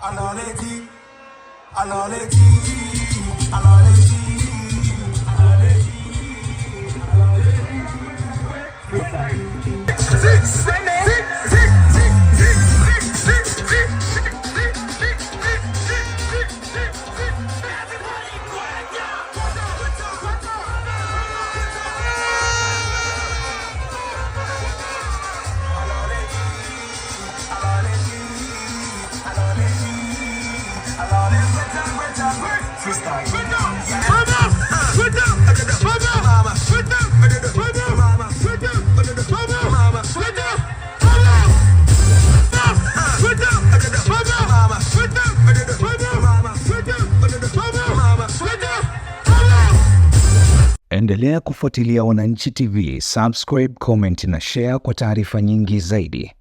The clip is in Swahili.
Alaleti, alaleti, alaleti. Six, seven. Endelea kufuatilia Wananchi TV, subscribe, comment na share kwa taarifa nyingi zaidi.